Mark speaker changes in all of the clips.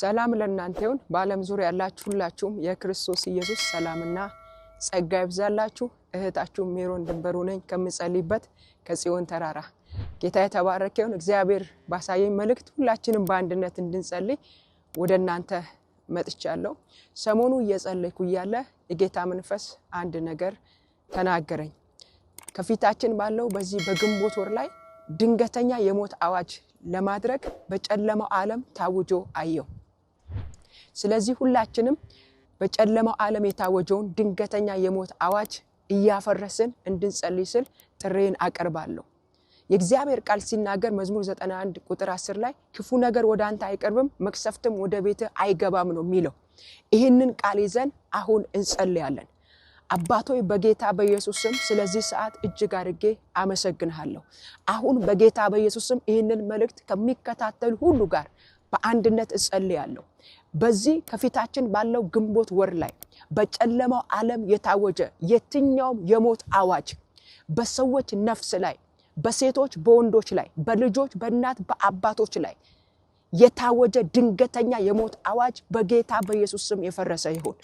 Speaker 1: ሰላም ለእናንተ ይሁን። በዓለም ዙሪያ ያላችሁ ሁላችሁም የክርስቶስ ኢየሱስ ሰላምና ጸጋ ይብዛላችሁ። እህታችሁ ሜሮን ድንበሩ ነኝ ከምጸልይበት ከጽዮን ተራራ። ጌታ የተባረከ ይሁን። እግዚአብሔር ባሳየኝ መልእክት ሁላችንም በአንድነት እንድንጸልይ ወደ እናንተ መጥቻለሁ። ሰሞኑ እየጸለይኩ እያለ የጌታ መንፈስ አንድ ነገር ተናገረኝ። ከፊታችን ባለው በዚህ በግንቦት ወር ላይ ድንገተኛ የሞት አዋጅ ለማድረግ በጨለማው ዓለም ታውጆ አየው። ስለዚህ ሁላችንም በጨለማው ዓለም የታወጀውን ድንገተኛ የሞት አዋጅ እያፈረስን እንድንጸልይ ስል ጥሬን አቀርባለሁ። የእግዚአብሔር ቃል ሲናገር መዝሙር 91 ቁጥር 10 ላይ ክፉ ነገር ወደ አንተ አይቀርብም፣ መቅሰፍትም ወደ ቤትህ አይገባም ነው የሚለው። ይህንን ቃል ይዘን አሁን እንጸልያለን። አባቶይ በጌታ በኢየሱስም ስም ስለዚህ ሰዓት እጅግ አድርጌ አመሰግንሃለሁ። አሁን በጌታ በኢየሱስም ስም ይህንን መልእክት ከሚከታተሉ ሁሉ ጋር በአንድነት እጸልያለሁ። በዚህ ከፊታችን ባለው ግንቦት ወር ላይ በጨለማው ዓለም የታወጀ የትኛውም የሞት አዋጅ በሰዎች ነፍስ ላይ፣ በሴቶች በወንዶች ላይ፣ በልጆች በእናት በአባቶች ላይ የታወጀ ድንገተኛ የሞት አዋጅ በጌታ በኢየሱስ ስም የፈረሰ ይሁን።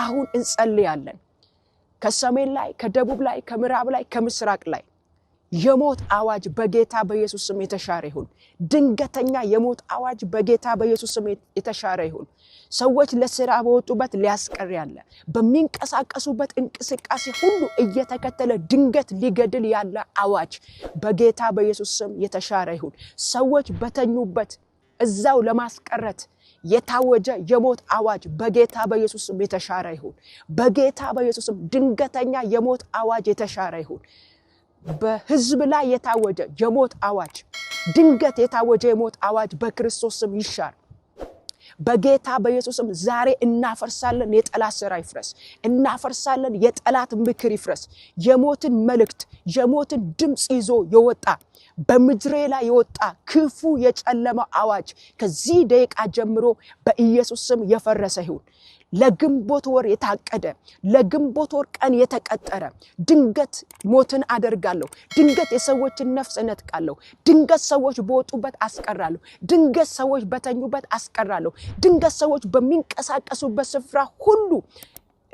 Speaker 1: አሁን እንጸልያለን። ከሰሜን ላይ፣ ከደቡብ ላይ፣ ከምዕራብ ላይ፣ ከምስራቅ ላይ የሞት አዋጅ በጌታ በኢየሱስ ስም የተሻረ ይሁን። ድንገተኛ የሞት አዋጅ በጌታ በኢየሱስ ስም የተሻረ ይሁን። ሰዎች ለስራ በወጡበት ሊያስቀር ያለ በሚንቀሳቀሱበት እንቅስቃሴ ሁሉ እየተከተለ ድንገት ሊገድል ያለ አዋጅ በጌታ በኢየሱስ ስም የተሻረ ይሁን። ሰዎች በተኙበት እዛው ለማስቀረት የታወጀ የሞት አዋጅ በጌታ በኢየሱስ ስም የተሻረ ይሁን። በጌታ በኢየሱስ ስም ድንገተኛ የሞት አዋጅ የተሻረ ይሁን። በህዝብ ላይ የታወጀ የሞት አዋጅ ድንገት የታወጀ የሞት አዋጅ በክርስቶስ ስም ይሻር። በጌታ በኢየሱስም ዛሬ እናፈርሳለን። የጠላት ስራ ይፍረስ። እናፈርሳለን። የጠላት ምክር ይፍረስ። የሞትን መልእክት፣ የሞትን ድምፅ ይዞ የወጣ በምድሬ ላይ የወጣ ክፉ የጨለመ አዋጅ ከዚህ ደቂቃ ጀምሮ በኢየሱስ ስም የፈረሰ ይሁን። ለግንቦት ወር የታቀደ ለግንቦት ወር ቀን የተቀጠረ ድንገት ሞትን አደርጋለሁ፣ ድንገት የሰዎችን ነፍስ እነጥቃለሁ፣ ድንገት ሰዎች በወጡበት አስቀራለሁ፣ ድንገት ሰዎች በተኙበት አስቀራለሁ፣ ድንገት ሰዎች በሚንቀሳቀሱበት ስፍራ ሁሉ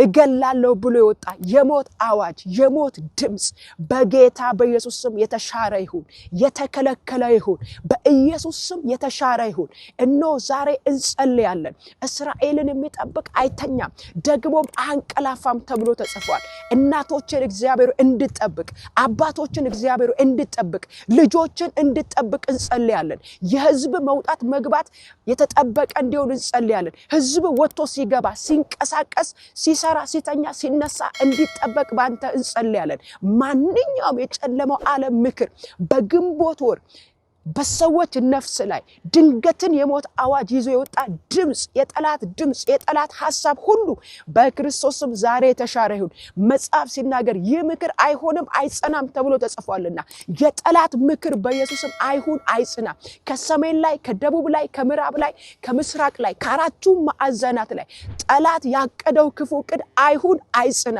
Speaker 1: እገላለሁ ብሎ የወጣ የሞት አዋጅ፣ የሞት ድምፅ በጌታ በኢየሱስ ስም የተሻረ ይሁን፣ የተከለከለ ይሁን፣ በኢየሱስ ስም የተሻረ ይሁን። እኖ ዛሬ እንጸልያለን። እስራኤልን የሚጠብቅ አይተኛም ደግሞም አንቀላፋም ተብሎ ተጽፏል። እናቶችን እግዚአብሔር እንድጠብቅ፣ አባቶችን እግዚአብሔር እንድጠብቅ፣ ልጆችን እንድጠብቅ እንጸልያለን። የህዝብ መውጣት መግባት የተጠበቀ እንዲሆን እንጸልያለን። ህዝብ ወጥቶ ሲገባ ሲንቀሳቀስ ሲሰ ሲሰራ ሲተኛ ሲነሳ እንዲጠበቅ በአንተ እንጸልያለን። ማንኛውም የጨለመው ዓለም ምክር በግንቦት ወር በሰዎች ነፍስ ላይ ድንገትን የሞት አዋጅ ይዞ የወጣ ድምፅ፣ የጠላት ድምፅ፣ የጠላት ሀሳብ ሁሉ በክርስቶስም ዛሬ የተሻረ ይሁን። መጽሐፍ ሲናገር ይህ ምክር አይሆንም አይጸናም ተብሎ ተጽፏልና የጠላት ምክር በኢየሱስም አይሁን አይጽና ከሰሜን ላይ፣ ከደቡብ ላይ፣ ከምዕራብ ላይ፣ ከምስራቅ ላይ፣ ከአራቱ ማዕዘናት ላይ ጠላት ያቀደው ክፉ ቅድ አይሁን አይጽና።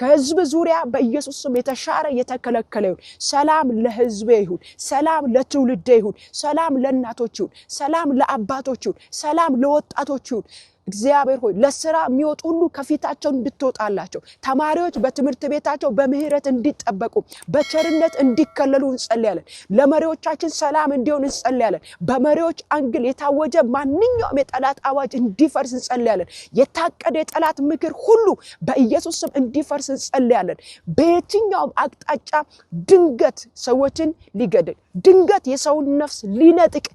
Speaker 1: ከህዝብ ዙሪያ በኢየሱስም የተሻረ የተከለከለ ይሁን። ሰላም ለህዝቤ ይሁን። ሰላም ለትውልድ ጉዳይ ይሁን። ሰላም ለእናቶች ይሁን፣ ሰላም ለአባቶች ይሁን፣ ሰላም ለወጣቶች ይሁን፣ እግዚአብሔር ሆይ ለስራ የሚወጡ ሁሉ ከፊታቸው እንድትወጣላቸው፣ ተማሪዎች በትምህርት ቤታቸው በምህረት እንዲጠበቁ በቸርነት እንዲከለሉ እንጸልያለን። ለመሪዎቻችን ሰላም እንዲሆን እንጸልያለን። በመሪዎች አንግል የታወጀ ማንኛውም የጠላት አዋጅ እንዲፈርስ እንጸልያለን። የታቀደ የጠላት ምክር ሁሉ በኢየሱስ ስም እንዲፈርስ እንጸልያለን። በየትኛውም አቅጣጫ ድንገት ሰዎችን ሊገድል ድንገት የሰውን ነፍስ ሊነጥቅ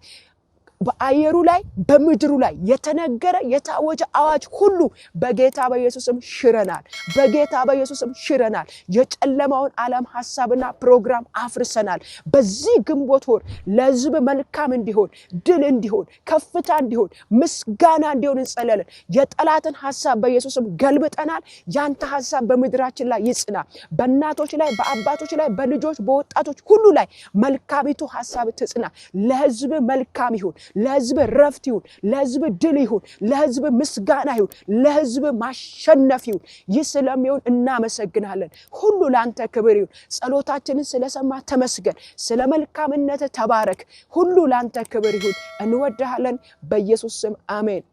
Speaker 1: በአየሩ ላይ በምድሩ ላይ የተነገረ የታወጀ አዋጅ ሁሉ በጌታ በኢየሱስም ሽረናል። በጌታ በኢየሱስም ሽረናል። የጨለማውን ዓለም ሀሳብና ፕሮግራም አፍርሰናል። በዚህ ግንቦት ወር ለሕዝብ መልካም እንዲሆን፣ ድል እንዲሆን፣ ከፍታ እንዲሆን፣ ምስጋና እንዲሆን እንጸለለን። የጠላትን ሀሳብ በኢየሱስም ገልብጠናል። ያንተ ሀሳብ በምድራችን ላይ ይጽና። በእናቶች ላይ፣ በአባቶች ላይ፣ በልጆች፣ በወጣቶች ሁሉ ላይ መልካሚቱ ሀሳብ ትጽና። ለሕዝብ መልካም ይሁን። ለህዝብ ረፍት ይሁን፣ ለህዝብ ድል ይሁን፣ ለህዝብ ምስጋና ይሁን፣ ለህዝብ ማሸነፍ ይሁን። ይህ ስለሚሆን እናመሰግናለን። ሁሉ ለአንተ ክብር ይሁን። ጸሎታችንን ስለሰማ ተመስገን። ስለ መልካምነት ተባረክ። ሁሉ ለአንተ ክብር ይሁን። እንወድሃለን። በኢየሱስ ስም አሜን።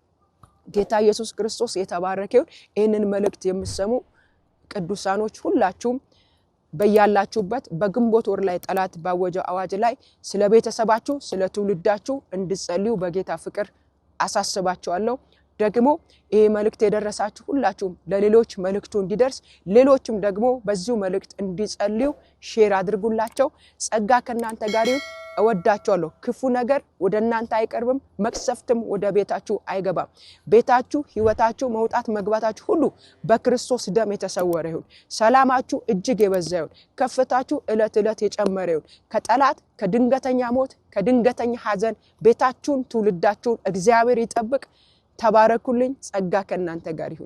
Speaker 1: ጌታ ኢየሱስ ክርስቶስ የተባረከ ይሁን። ይህንን መልእክት የምሰሙ ቅዱሳኖች ሁላችሁም በያላችሁበት በግንቦት ወር ላይ ጠላት ባወጀው አዋጅ ላይ ስለ ቤተሰባችሁ፣ ስለ ትውልዳችሁ እንድጸልዩ በጌታ ፍቅር አሳስባችኋለሁ። ደግሞ ይሄ መልእክት የደረሳችሁ ሁላችሁም ለሌሎች መልእክቱ እንዲደርስ ሌሎችም ደግሞ በዚሁ መልእክት እንዲጸልዩ ሼር አድርጉላቸው። ጸጋ ከእናንተ ጋር ይሁን። እወዳችኋለሁ። ክፉ ነገር ወደ እናንተ አይቀርብም፣ መቅሰፍትም ወደ ቤታችሁ አይገባም። ቤታችሁ፣ ህይወታችሁ መውጣት መግባታችሁ ሁሉ በክርስቶስ ደም የተሰወረ ይሁን። ሰላማችሁ እጅግ የበዛ ይሁን። ከፍታችሁ ዕለት ዕለት የጨመረ ይሁን። ከጠላት ከድንገተኛ ሞት፣ ከድንገተኛ ሐዘን ቤታችሁን፣ ትውልዳችሁን እግዚአብሔር ይጠብቅ። ተባረኩልኝ። ጸጋ ከእናንተ ጋር ይሁን።